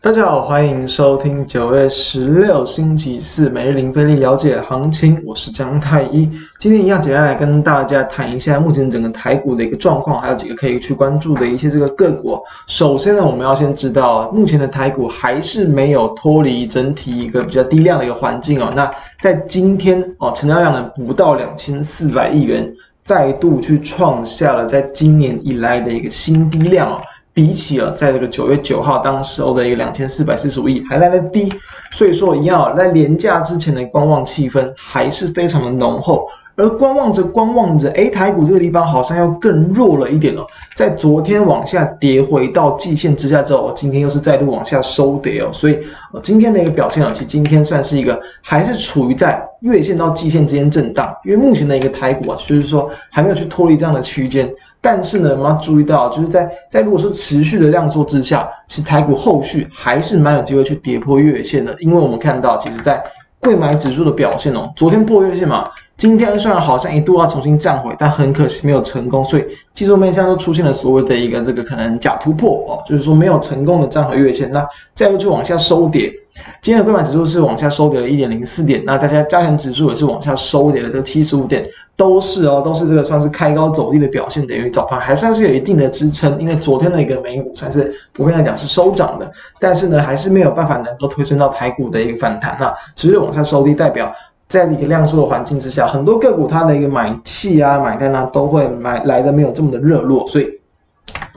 大家好，歡迎收聽九月十六星期四每日零費力了解行情，我是江太一。今天一樣簡單來跟大家談一下目前整個台股的一個狀況，還有幾個可以去關注的一些這個個股。首先呢，我們要先知道，目前的台股還是沒有脫離整體一個比較低量的一個環境哦。那在今天哦，成交量呢不到兩千四百億元，再度去創下了在今年以來的一個新低量哦。比起了、啊、在這個九月九號當時歐的一個兩千四百四十五億還來得低，所以說一樣啊，在連假之前的觀望氣氛還是非常的濃厚。而觀望着觀望着，哎，台股這個地方好像要更弱了一點了、哦。在昨天往下跌回到季線之下之後，今天又是再度往下收跌哦。所以今天的一個表現啊，其實今天算是一個還是處於在月線到季線之間震盪，因為目前的一個台股啊，就是說還沒有去脫離這樣的區間。但是呢，我們要注意到，就是在在如果說持續的量縮之下，其實台股後續還是蠻有機會去跌破月線的，因為我們看到，其實在櫃買指數的表現哦，昨天破月線嘛，今天雖然好像一度要重新站回，但很可惜沒有成功，所以技術面上都出現了所謂的一個這個可能假突破哦，就是說沒有成功的站回月線，那再不去往下收跌。今天的櫃買指數是往下收跌了一點零四點，那大家加權指數也是往下收跌了這75點，這個七十五點都是哦，都是這個算是開高走低的表現。等於早盤還算是有一定的支撐，因為昨天的一個美股算是普遍來講是收漲的，但是呢還是沒有辦法能夠推升到台股的一個反彈哈，持續往下收低，代表在一個量縮的環境之下，很多個股它的一個買氣啊、買單啊都會買來的沒有這麼的熱絡，所以。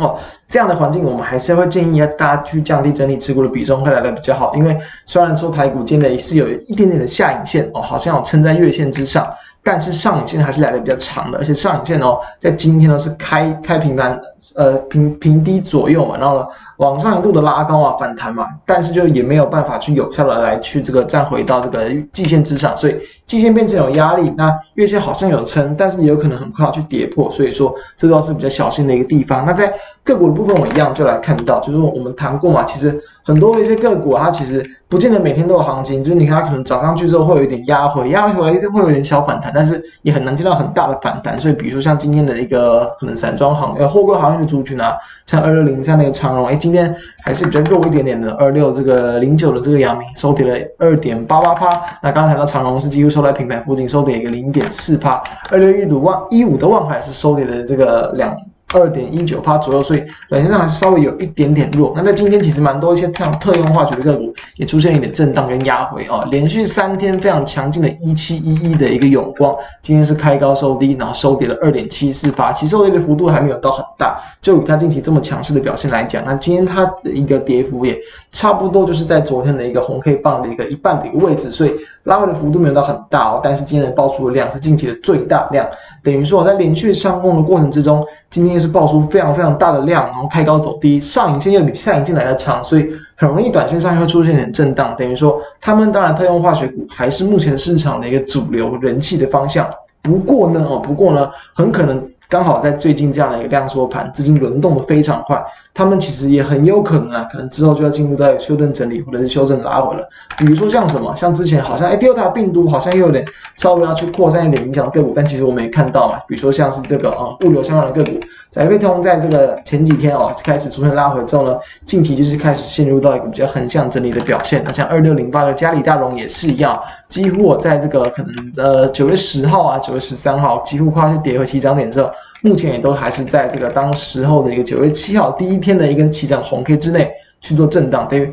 哦，這樣的環境，我們還是會建議要大家去降低整體持股的比重，會來的比較好。因為雖然說台股今天也是有一點點的下影線哦，好像有撐在月線之上，但是上影線還是來的比較長的，而且上影線哦，在今天呢是開開平盤，呃平平低左右嘛，然後呢往上一度的拉高啊反彈嘛，但是就也沒有辦法去有效的來去這個站回到這個季線之上，所以季線變成有壓力，那月線好像有撐，但是也有可能很快要去跌破，所以說這都是比較小心的一個地方。那在個股的部分我一樣就來看到，就是我們談過嘛，其實很多的一些個股、啊、它其實不見得每天都有行情，就是你看它可能漲上去之後會有一點壓回，壓回來一定會有點小反彈，但是也很難見到很大的反彈。所以比如說像今天的一個可能散裝行業、貨櫃行業的族群啊，像二六零、三那個長榮，哎、欸，今天還是比較肉一點點的。二六這個零九的這個陽明收跌了二點八八趴，那剛才那長榮是幾乎收在平盤附近，收跌一個零點四趴。二六一五萬一五的萬海是收跌了這個兩。二點一九趴左右，所以軟件上還是稍微有一點點弱。那在今天其實蠻多一些非常特用化學的個股也出現了一點震盪跟壓回哦。連續三天非常強勁的一七一一的一個永光，今天是開高收低，然後收跌了二點七四趴，其實這個幅度還沒有到很大。就以它近期這麼強勢的表現來講，那今天它的一個跌幅也差不多就是在昨天的一個紅 K 棒的一個一半的一個位置，所以拉回的幅度沒有到很大哦。但是今天的爆出的量是近期的最大量，等於說、哦、在連續上攻的過程之中，今天。是爆出非常非常大的量，然後開高走低，上影線又比下影線來的長，所以很容易短線上會出現點震盪。等於說，他們當然特用化學股還是目前市場的一個主流人氣的方向。不過呢，哦，不過呢，很可能。剛好在最近這樣的一個量縮盤，資金輪動的非常快，他們其實也很有可能啊，可能之後就要進入到一個修正整理或者是修正拉回了。比如說像什麼，像之前好像、欸、Delta 病毒好像又有點稍微要去擴散一點影響個股，但其實我們也看到嘛，比如說像是這個啊物流相關的個股，宅配通在這個前幾天哦、啊、開始出現拉回之後呢，近期就是開始陷入到一個比較橫向整理的表現。那、啊、像二六零八的嘉里大榮也是一樣，幾乎我在這個可能呃九月十號啊九月十三號，幾乎快要跌回起漲點之後。目前也都還是在這個當時候的一個九月七號第一天的一根起漲紅 K 之內去做震盪，對於。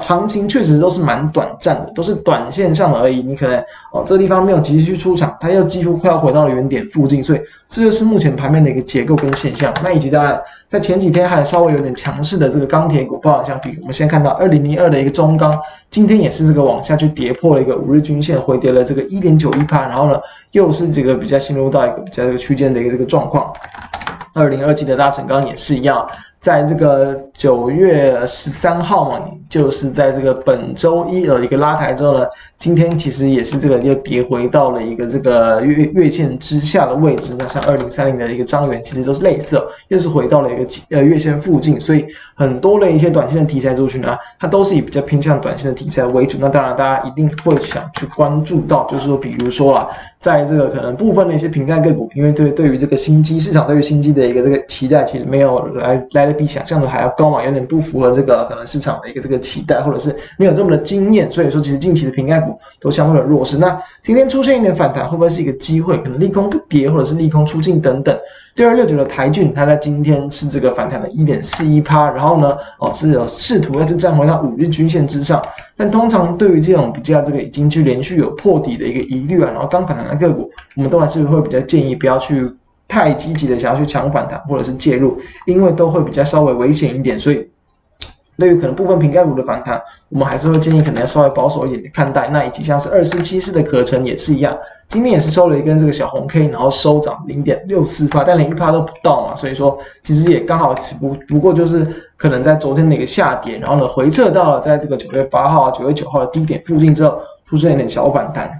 行情確實都是蠻短暫的，都是短線上而已。你可能哦這個地方沒有及時去出場，它又幾乎快要回到了原點附近，所以這就是目前盤面的一個結構跟現象。那以及在在前幾天還稍微有點強勢的這個鋼鐵股，爆漲相比，我們先看到二零零二的一個中鋼，今天也是這個往下去跌破了一個五日均線，回跌了這個一點九一趴。然後呢，又是這個比較進入到一個比較這個區間的一個這個狀況。二零二七的大成鋼也是一樣。在這個九月十三號嘛，就是在這個本周一的、呃、一個拉抬之後呢，今天其實也是這個又跌回到了一個這個月月線之下的位置。那像二零三零的一個彰源，其實都是類似，又是回到了一個呃月線附近。所以很多的一些短線的題材族群呢，它都是以比較偏向短線的題材為主。那當然，大家一定會想去關注到，就是說，比如說啊，在這個可能部分的一些平台個股，因為對對於這個新機市場，對於新機的一個這個期待其實沒有來來。比想象的還要高嘛，有點不符合這個可能市場的一個這個期待，或者是沒有這麼的驚豔，所以說其實近期的蘋概股都相對的弱勢。那今天出現一點反彈，會不會是一個機會？可能利空不跌，或者是利空出盡等等。第二六九的台郡，它在今天是這個反彈了一點四一趴，然後呢，哦是有試圖要去站回它五日均線之上。但通常對於這種比較這個已經去連續有破底的一個疑慮啊，然後剛反彈的個股，我們都還是會比較建議不要去。太積極的想要去搶反彈或者是介入，因為都會比較稍微危險一點，所以對於可能部分蘋概股的反彈，我們還是會建議可能要稍微保守一點看待。那以及像是二四七四的可成也是一樣，今天也是收了一根這個小紅 K，然後收漲零點六四八，但連一趴都不到嘛，所以說其實也剛好不不過就是可能在昨天的一個下跌，然後呢，回撤到了在這個九月八號九月九號的低點附近之後，出現一點小反彈。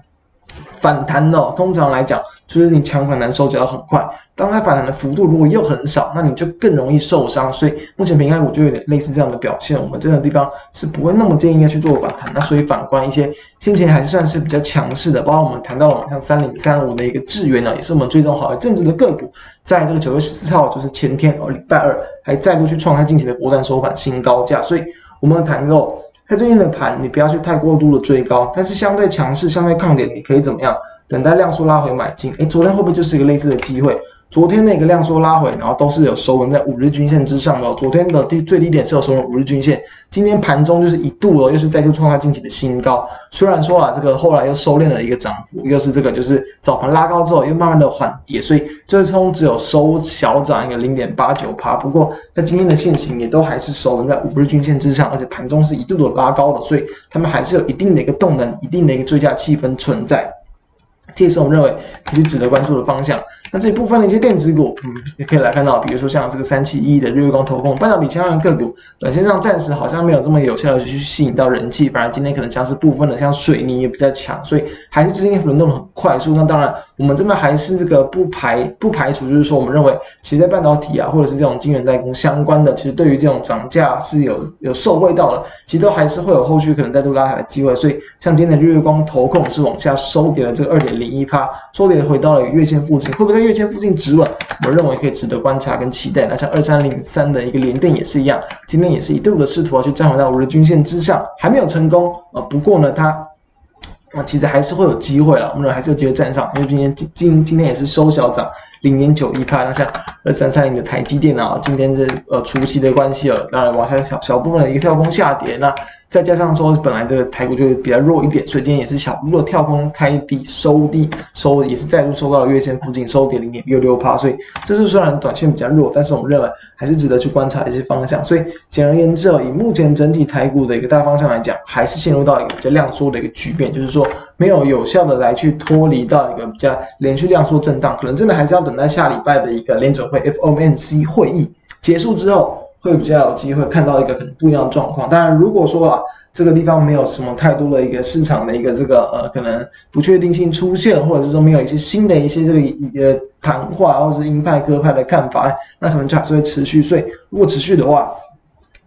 反彈呢、哦，通常來講，就是你搶反彈收腳，要很快。當它反彈的幅度如果又很少，那你就更容易受傷。所以目前平安股就有點類似這樣的表現，我們這個地方是不會那麼建議應該去做反彈。那所以反觀一些先前還是算是比較強勢的，包括我們談到了，像三零三五的一個智原呢、哦，也是我們追蹤好一陣子的個股，在這個九月十四號，就是前天哦，禮拜二還再度去創下近期的波段收盤新高價。所以我們談到。在最近的盤，你不要去太過度的追高，但是相對強勢、相對抗跌，你可以怎麼樣？等待量縮拉回買進，哎，昨天會不會就是一個類似的機會。昨天那個量縮拉回，然後都是有收穩在五日均線之上的，昨天的低，最低點是有收穩五日均線，今天盤中就是一度哦，又是再度創下近期的新高。雖然說啊，這個後來又收斂了一個漲幅，又是這個就是早盤拉高之後又慢慢的緩跌，所以最終只有收小漲一個零點八九趴，不過它今天的線型也都還是收穩在五日均線之上，而且盤中是一度的拉高的，所以它們還是有一定的一個動能，一定的一個追價氣氛存在。這也是我們認為可以值得關注的方向。那這一部分的一些電子股，嗯，也可以來看到，比如說像這個三七一的日月光投控、半導體千萬的個股，短線上暫時好像沒有這麼有效的去吸引到人氣，反而今天可能像是部分的像水泥也比較強，所以還是資金輪動很快速。那當然，我們這邊還是這個不排不排除，就是說我們認為，其實，在半導體啊，或者是這種晶圓代工相關的，其實對於這種漲價是有有受惠到的。其實都還是會有後續可能再度拉抬的機會。所以，像今天的日月光投控是往下收跌了這個二點零點一趴，收跌回到了月線附近，會不會在月線附近止穩？我認為可以值得觀察跟期待。那像二三零三的一個聯電，也是一樣，今天也是一度的試圖啊去站穩在五日均線之上，還沒有成功啊、呃。不過呢，它啊、呃、其實還是會有機會了，我們還是有機會站上，因為今天今天今天也是收小漲。零點九一趴，那像二三三零的台積電啊，今天這呃除息的關係了、啊，當然往下小小部分的一個跳空下跌，那再加上說本來這個台股就比較弱一點，所以今天也是小部分跳空開低收低收，也是再度收到了月線附近收跌零點六六趴，所以這次雖然短線比較弱，但是我們認為還是值得去觀察一些方向。所以簡而言之哦，以目前整體台股的一個大方向來講，還是陷入到一個比較量縮的一個局面，就是說沒有有效的來去脫離到一個比較連續量縮震盪，可能真的還是要等。那下禮拜的一個聯準會 （FOMC） 會議結束之後，會比較有機會看到一個很不一樣的狀況。當然，如果說啊這個地方沒有什麼太多的一個市場的一個這個呃可能不確定性出現，或者是說沒有一些新的一些這個呃談話，或者是鷹派鴿派的看法，那可能就還是會持續。所以如果持續的話，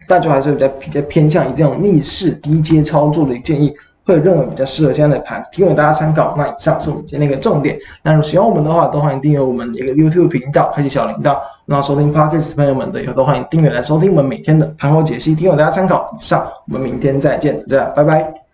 大家還是比較比較偏向於這種逆勢低接操作的一個建議。會認為比較適合現在的盤，提供給大家參考。那以上是我們今天的一個重點。那如果喜歡我們的話，都歡迎訂閱我們的一個 YouTube 頻道，開啟小鈴鐺。那收聽 Podcast 朋友們的，以後都歡迎訂閱來收聽我們每天的盤後解析，提供給大家參考。以上，我們明天再見，大家拜拜。